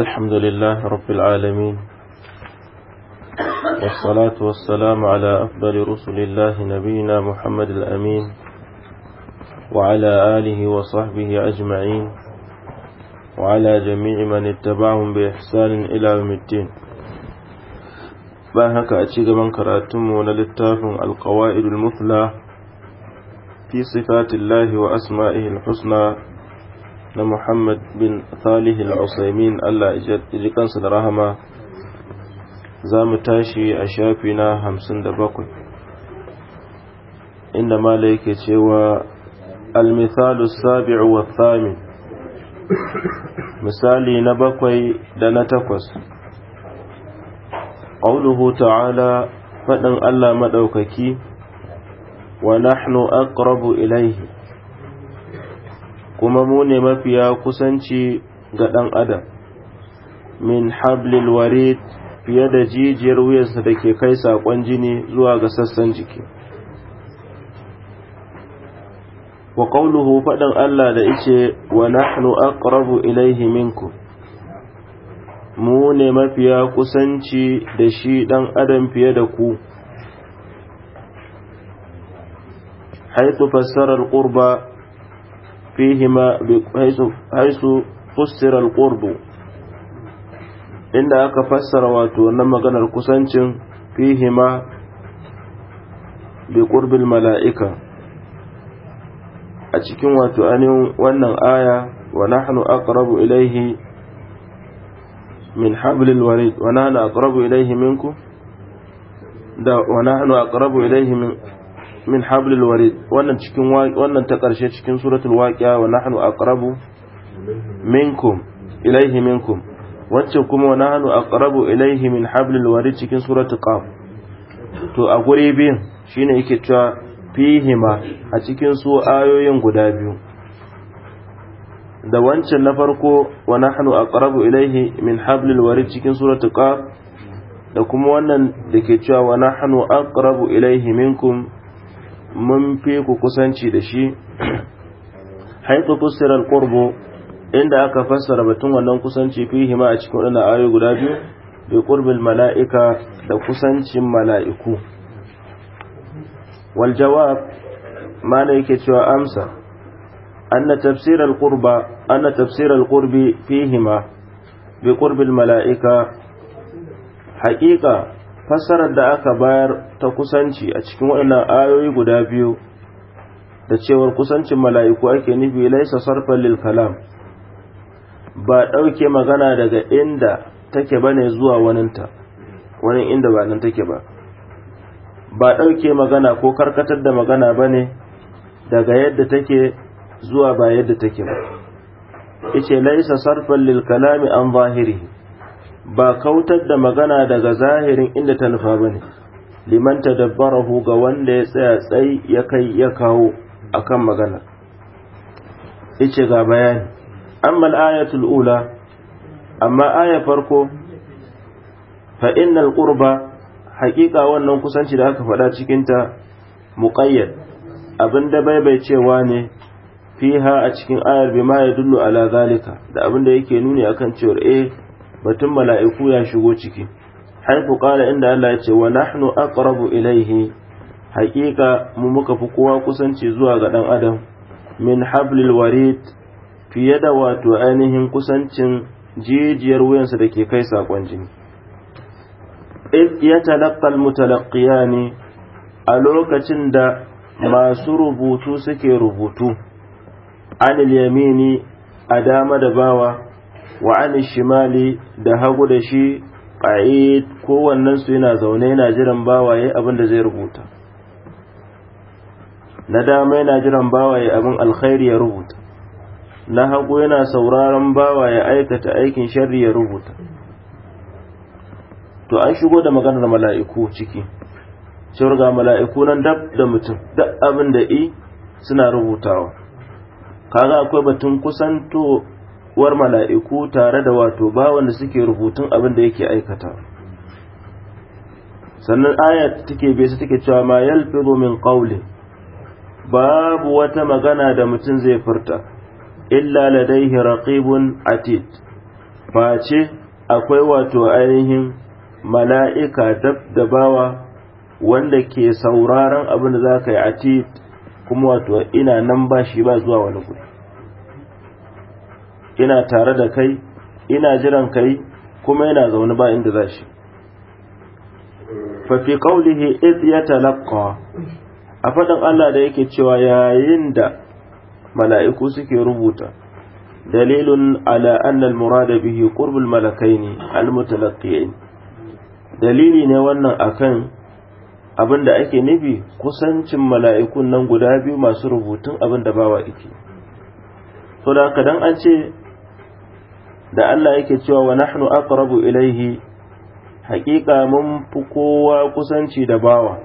الحمد لله رب العالمين والصلاة والسلام على أفضل رسل الله نبينا محمد الأمين وعلى آله وصحبه أجمعين وعلى جميع من اتبعهم بإحسان إلى يوم الدين باهك أتشيك من كراتم للتاف القوائد المثلى في صفات الله وأسمائه الحسنى na Muhammad bin Salih usaimin Allah ji kansa da rahama za mu tashi a shafi na hamsin da bakwai inda mala yake cewa al-mithalu sabi'u wa thamin misali na bakwai da na takwas ƙauluhu ta'ala faɗin Allah maɗaukaki wa nahnu aqrabu ilaihi kuma mu ne mafiya kusanci ga ɗan adam min hablil warid fiye da jijiyar wuyansa da ke kai saƙon jini zuwa ga sassan jiki wa ƙauluhu faɗin Allah da ice wa nahnu aqrabu ilaihi minku mu ne mafiya kusanci da shi ɗan adam fiye da ku haitu fassarar ƙurba fihima haisu fussirar ƙorbo inda aka fassara wato na maganar kusancin fihima bi ƙurbin mala'ika a cikin wato anin wannan aya wa nahnu aqrabu ilaihi min hablil warid wa nahnu aqrabu ilaihi minku da wa nahnu aqrabu ilaihi min min hablil warid wannan cikin wannan ta ƙarshe cikin suratul waqi'a wa nahnu aqrabu minkum ilaihi minkum wacce kuma wa nahnu aqrabu ilaihi min hablil warid cikin suratul qaf to a guri biyin shine yake cewa fihima a cikin su ayoyin guda biyu da wancan na farko wa nahnu aqrabu ilaihi min hablil warid cikin suratul qaf da kuma wannan da ke cewa wa nahnu aqrabu ilaihi minkum mun fi ku kusanci da shi haitu fussirar qurbu inda aka fassara batun wannan kusanci fi hima a cikin wannan ayoyi guda biyu bi qurbil mala'ika da kusancin mala'iku wal jawab mana yake cewa amsa anna tafsir al qurba anna tafsir al qurbi fihima bi qurbil mala'ika haqiqa fassarar da aka bayar ta kusanci a cikin waɗannan ayoyi guda biyu da cewar kusancin mala'iku ake nufi laisa sarfan lil kalam ba ɗauke magana daga inda take bane zuwa waninta wani inda ba nan take ba ba ɗauke magana ko karkatar da magana bane daga yadda take zuwa ba yadda take ba ice laisa sarfan lil kalami an zahiri ba kautar da magana daga zahirin inda ta nufa ba ne liman barahu ga wanda ya tsaya tsai ya kai ya kawo akan magana ice ga bayani amma ayatul ula amma aya farko fa innal qurba haƙiƙa wannan kusanci da aka faɗa cikinta muƙayyad abin da cewa ne fiha a cikin ayar bima ya dullu ala zalika da abin da yake nuni akan cewar eh batun mala'iku ya shigo ciki haifu ƙara inda Allah ya ce wa nahnu aqrabu ilaihi haƙiƙa mu muka fi kowa kusanci zuwa ga ɗan adam min hablil warid fiye da wato ainihin kusancin jijiyar wuyansa da ke kai saƙon jini in ya talaqqal ne a lokacin da masu rubutu suke rubutu anil yamini a dama da bawa wa an shimali da hagu da shi qa'id kowannen yana zaune yana jiran bawaye abin da zai rubuta na dama yana jiran bawaye abin alkhairi ya rubuta na hagu yana sauraron bawaye aikata aikin sharri ya rubuta to an shigo da maganar mala'iku ciki cewar ga mala'iku nan dab da mutum duk abin da i suna rubutawa kaga akwai batun kusanto uwar mala'iku tare da wato bawan da suke rubutun abin da yake aikata sannan ayat take bai su take cewa ma yalfizu min qawli babu wata magana da mutum zai furta illa ladaihi raqibun atid face akwai wato ainihin mala'ika dab da wanda ke sauraron abin da za ka yi atid kuma wato ina nan ba shi ba zuwa wani guri ina tare da kai ina jiran kai kuma yana zaune ba inda za shi fa fi qawlihi id yatalaqqa a faɗin Allah da yake cewa yayin da mala'iku suke rubuta dalilun ala anna al-murada bihi qurbul malakaini al-mutalaqqiyin dalili ne wannan akan abin da ake nufi kusancin mala'ikun nan guda biyu masu rubutun abin da bawa ike. So da kadan an ce da Allah yake cewa wa nahnu aqrabu ilaihi haƙiƙa mun fi kowa kusanci da bawa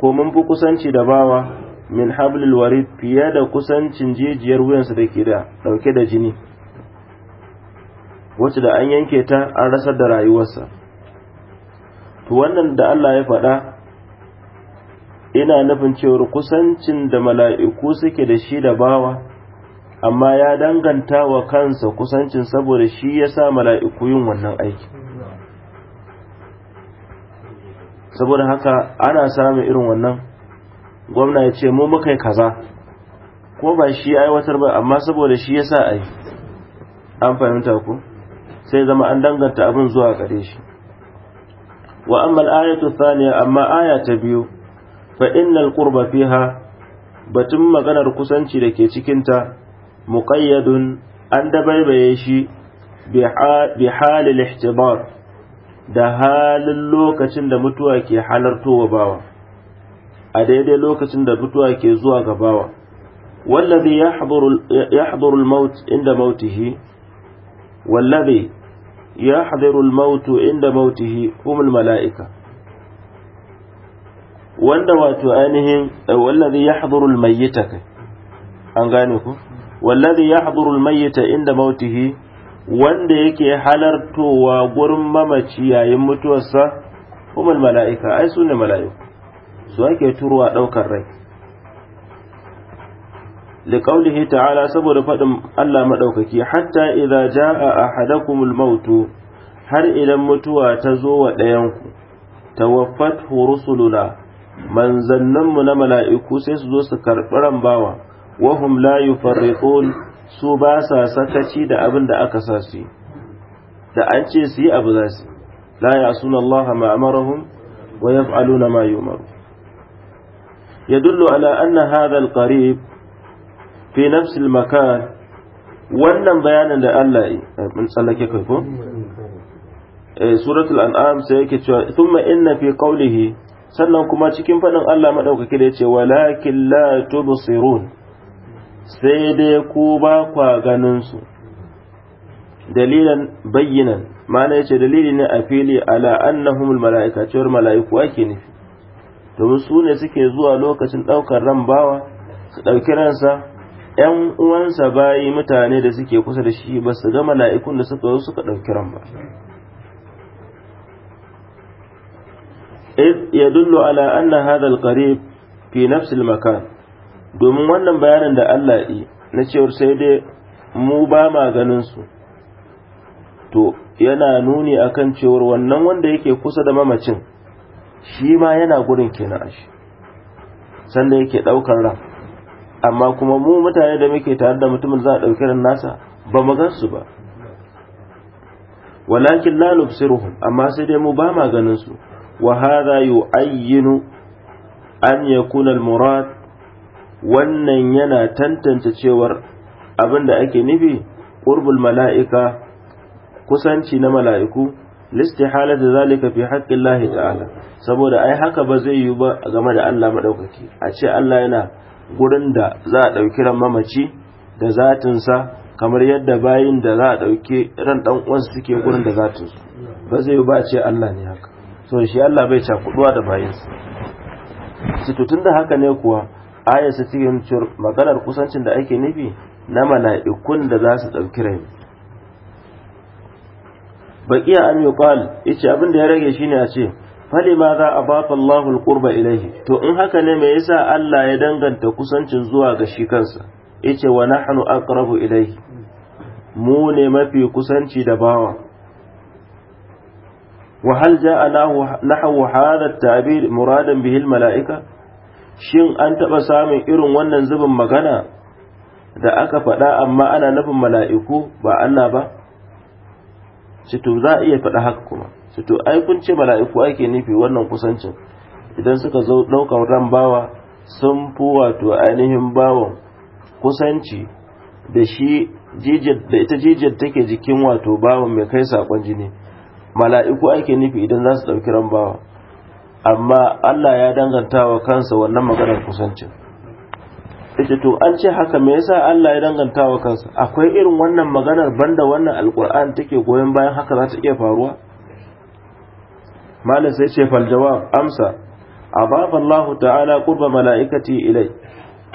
ko mun fi kusanci da bawa min hablil warid fiye da kusancin jijiyar wuyansa da ke da ɗauke da jini wacce da an yanke ta an rasa da rayuwarsa to wannan da Allah ya faɗa ina nufin cewar kusancin da mala'iku suke da shi da bawa amma ya danganta wa kansa kusancin saboda shi ya sa mala'iku yin wannan aiki saboda haka ana samun irin wannan gwamna ya ce mu muka yi kaza ko ba shi aiwatar ba amma saboda shi ya sa a yi an fahimta ku sai zama an danganta abin zuwa gare shi wa amma al'ayatu thaniya amma aya ta biyu fa innal qurba fiha batun maganar kusanci da ke cikinta muƙayyadun an dabaibaye shi bi halil ihtibar da halin lokacin da mutuwa ke halartowa bawa a daidai lokacin da mutuwa ke zuwa ga bawa wallazi yahduru al-maut inda mautihi wallazi yahduru al-maut inda mautihi humul mala'ika wanda wato ainihin eh, wallazi yahduru al-mayyita an gane ku wallazi yahduru almayyita inda mautihi wanda yake halartowa gurin mamaci yayin mutuwarsa humul mala'ika ai ne mala'iku su ake turowa ɗaukar rai liƙaulihi ta'ala saboda faɗin Allah maɗaukaki hatta idza ja'a ahadakumul mautu har idan mutuwa ta zo wa ɗayanku tawaffat rusuluna manzanninmu na mala'iku sai su zo su karɓi bawa wahum la yufarriqun su ba sa sakaci da abin da aka sa su da an ce su yi abu za su la suna, Allah ma amarahum wa yaf'aluna ma yu'maru yadullu ala anna hadha al-qarib fi nafs al wannan bayanin da Allah yi mun tsallake kai ko suratul an'am sai yake cewa thumma inna fi qawlihi sannan kuma cikin fadin Allah madaukake da yace walakin la tubsirun sai dai ku ba kwa ganinsu dalilan bayyanan mana yace dalili ne a fili ala annahumul mala'ika cewar mala'iku ake nufi domin su ne suke zuwa lokacin ɗaukar ran bawa su ɗauki ransa ‘yan uwansa bayi mutane da suke kusa da shi ba su ga mala'ikun da suka zo suka ɗauki ran ba ya dullo ala anna al qarib fi nafsil makan domin wannan bayanin da Allah yi na cewar sai dai mu ba ma ganin to yana nuni akan cewar wannan wanda yake kusa da mamacin shi ma yana gurin kenan ashi sanda yake daukar ran amma kuma mu mutane da muke tare da mutumin za a dauki ran nasa ba mu gansu ba walakin la nubsiruhum amma sai dai mu ba ma ganin su wa hadha yu'ayyinu an yakuna al-murad wannan yana tantance cewar abin da ake nufi qurbul mala'ika kusanci na mala'iku listihala da zalika fi haƙƙin lahi ta'ala saboda ai haka ba zai yi ba game da Allah maɗaukaki a ce Allah yana gurin da za a ɗauki ran mamaci da zatinsa kamar yadda bayin da za a ɗauki ran ɗan uwansa suke gurin da zatinsu ba zai yi ba a ce Allah ne haka so shi Allah bai cakuɗuwa da bayinsa su to tunda haka ne kuwa ayar su cikin maganar kusancin da ake nufi na mala'ikun da za su ɗauki rai baƙiya an yi ƙwal ice abin da ya rage shine a ce fali ma za a baka Allahul qurba ilaihi to in haka ne me yasa Allah ya danganta kusancin zuwa ga shi kansa ice wa an aqrabu ilaihi mu ne mafi kusanci da bawa wa hal jaa nahu hadha at-ta'bir muradan bihi al-mala'ika shin an taɓa samun irin wannan zubin magana da aka faɗa amma ana nufin mala'iku ba Allah ba to za a iya faɗa haka kuma to ai ce mala'iku ake nufi wannan kusancin idan suka zo ɗaukar ran bawa sun fi wato ainihin bawon kusanci da shi da ita jijiyar take jikin wato bawon mai kai saƙon jini mala'iku ake nufi idan za su ɗauki ran bawa amma Allah ya danganta wa kansa wannan maganar kusancin ita to an ce haka me yasa Allah ya danganta wa kansa akwai irin wannan maganar banda wannan alquran take goyon bayan haka za ta iya faruwa malam sai ce fal jawab amsa ababa Allah ta'ala qurba mala'ikati ilai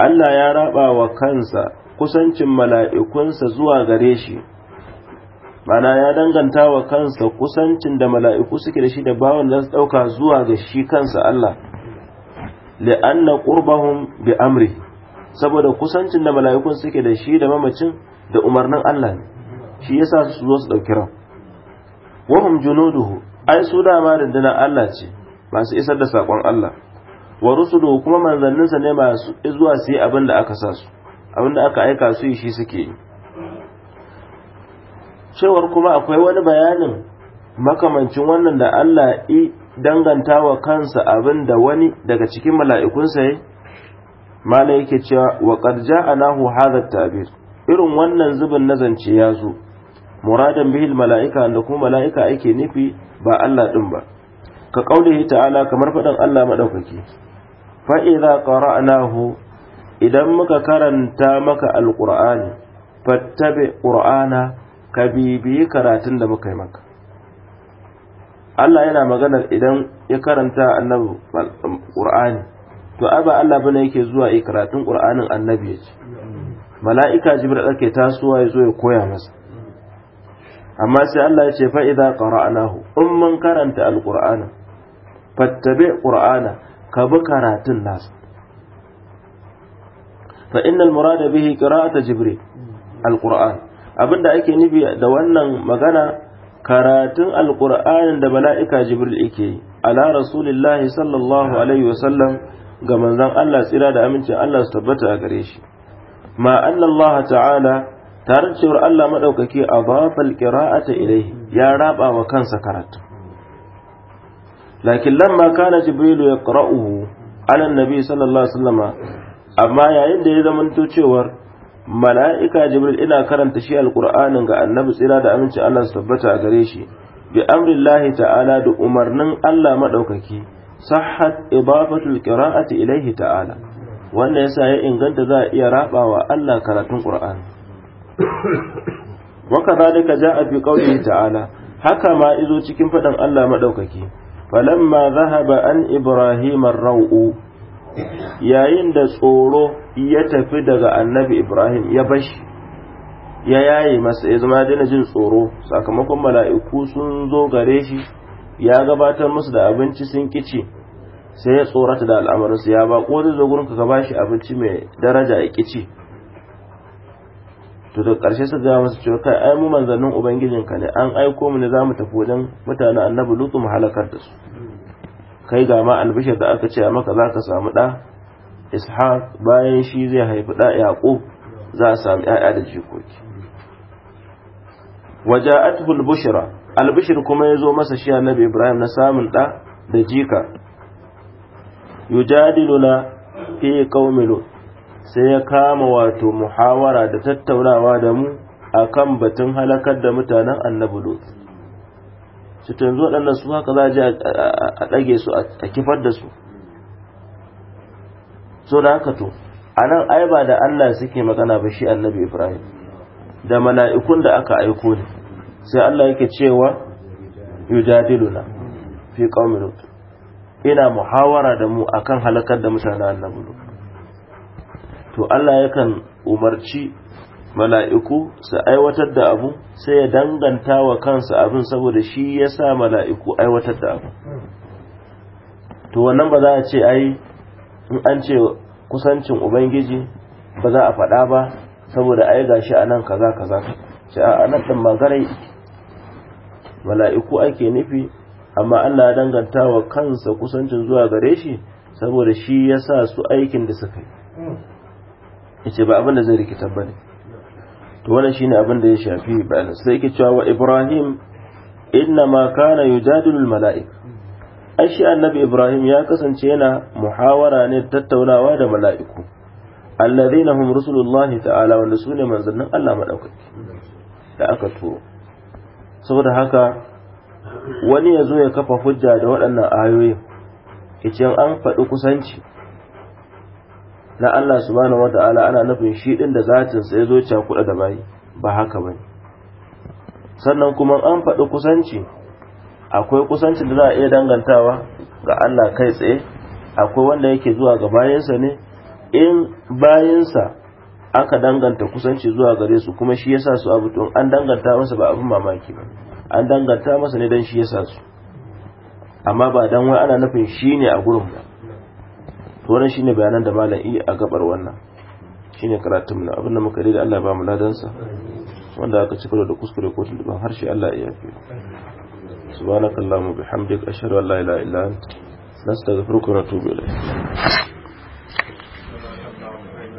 Allah ya raba wa kansa kusancin mala'ikunsa zuwa gare shi mana ya danganta wa kansa kusancin da mala'iku suke da shi da bawon da su ɗauka zuwa ga shi kansa Allah li'anna qurbahum bi amri saboda kusancin da mala'ikun suke da shi da mamacin da umarnin Allah ne shi yasa su zo su ɗauki ran wahum junuduhu ai su dama dana Allah ce masu isar da saƙon Allah wa rusulu kuma manzanninsa ne masu zuwa su yi abin aka sa su abin aka aika su yi shi suke yi cewar kuma akwai wani bayanin makamancin wannan da Allah i danganta wa kansa abin da wani daga cikin mala'ikunsa ya mala yake cewa wa ƙarja a nahu hadar tabir irin wannan zubin nazance ya zo muradan bihil mala'ika da kuma mala'ika ake nufi ba Allah ɗin ba ka ƙaunihi ta'ala kamar faɗin Allah maɗaukaki fa'iza nahu idan muka karanta maka alƙur'ani fattabe ƙur'ana ka bibiyi karatun da muka yi maka Allah yana maganar idan ya karanta annabi Qur'ani to aba ba Allah bane yake zuwa yi karatun Qur'anin annabi ya ci mala'ika jibril ake tasowa ya zo ya koya masa amma sai Allah ya ce fa idza qara'nahu in mun karanta alqur'ana fattabi qur'ana ka bi karatun nasa fa innal murada bihi qira'atu jibril alqur'an Abin da ake nufi da wannan magana karatun alkur'anin da mala'ika jibril yake ala rasulillahi sallallahu alaihi wasallam ga manzon Allah tsira da amincin Allah su tabbata a gare shi ma Allah ta'ala tare cewar Allah maɗaukaki a bafal qira'ata ilaihi ya raba wa kansa karatu lakin lamma kana jibril yaqra'uhu ala nabi sallallahu alaihi wasallama amma yayin da ya zamanto cewar mala'ika jibril ina karanta shi alqur'anin ga annabi tsira da aminci Allah su tabbata gare shi bi amrillahi ta'ala da umarnin Allah maɗaukaki, sahhat ibafatul qira'ati ilaihi ta'ala wannan yasa ya inganta za a iya rabawa Allah karatun qur'ani wa kadhalika ja'a fi qawlihi ta'ala haka ma izo cikin fadan Allah maɗaukaki. falamma zahaba an ibrahim ar-rau'u yayin da tsoro ya tafi daga annabi ibrahim ya bashi ya yaye masa ya zama dina jin tsoro sakamakon mala'iku sun zo gare shi ya gabatar musu da abinci sun kici sai ya tsorata da al'amarinsu ya ko zai zo gurinka ka bashi abinci mai daraja ya kici to da ƙarshe su ga masa cewa kai ai mu manzannin ka ne an aiko mu ne za mu tafi wajen mutanen annabi lutu mu halakar da su kai ga ma da aka ce maka za ka samu ɗa ishaq bayan shi zai haifi da yaqub za a sami 'ya'ya da jikoki waja'atuhu al-bushra albushir kuma ya zo masa shi annabi ibrahim na samun da da jika yujadiluna fi qaumi sai ya kama wato muhawara da tattaunawa da mu a kan batun halakar da mutanen annabi lut su tanzu waɗannan su haka za a ɗage su a kifar da su so da haka to a nan ai ba da Allah suke magana ba shi annabi Ibrahim da mala'ikun da aka aiko ne sai Allah yake cewa yujadiluna fi qaumin ina muhawara da mu akan halakar da mutanen annabi to Allah yakan umarci mala'iku su aiwatar da abu sai ya danganta wa kansa abin saboda shi ya sa mala'iku aiwatar da abu to wannan ba za a ce ai in an ce kusancin ubangiji ba za a faɗa ba saboda ai gashi a nan kaza kaza ce a nan ɗin magarai mala'iku ake nufi amma Allah ya danganta wa kansa kusancin zuwa gare shi saboda shi ya sa su aikin da suka yi ce ba abin da zai rikita ba ne to wannan shine abin da ya shafi ba sai ke cewa wa ibrahim inna ma kana yujadilul mala'ik ai shi annabi ibrahim ya kasance yana muhawara ne tattaunawa da mala'iku allazina hum rusulullahi ta'ala wanda su ne manzannin Allah madaukaki da aka turo saboda haka wani ya zo ya kafa hujja da waɗannan ayoyin idan an faɗi kusanci na Allah subhanahu wata'ala ana nufin shi ɗin da zatin sai yazo cakuɗa da bayi ba haka ba sannan kuma an faɗi kusanci akwai kusancin da za a iya dangantawa ga Allah kai tsaye akwai wanda yake zuwa ga bayansa ne in bayansa aka danganta kusanci zuwa gare su kuma shi yasa su abu to an danganta masa ba abin mamaki ba an danganta masa ne dan shi yasa su amma ba dan wai ana nufin shi ne a gurin ba to wannan shine bayanan da malam yi a gabar wannan shine karatun mu abin da muka da Allah ba mu ladansa wanda aka cika da kuskure ko tuntuban harshe Allah ya yafe subhanakallahumma bihamdika ashhadu an la ilaha illa anta nastaghfiruka wa natubu ilayk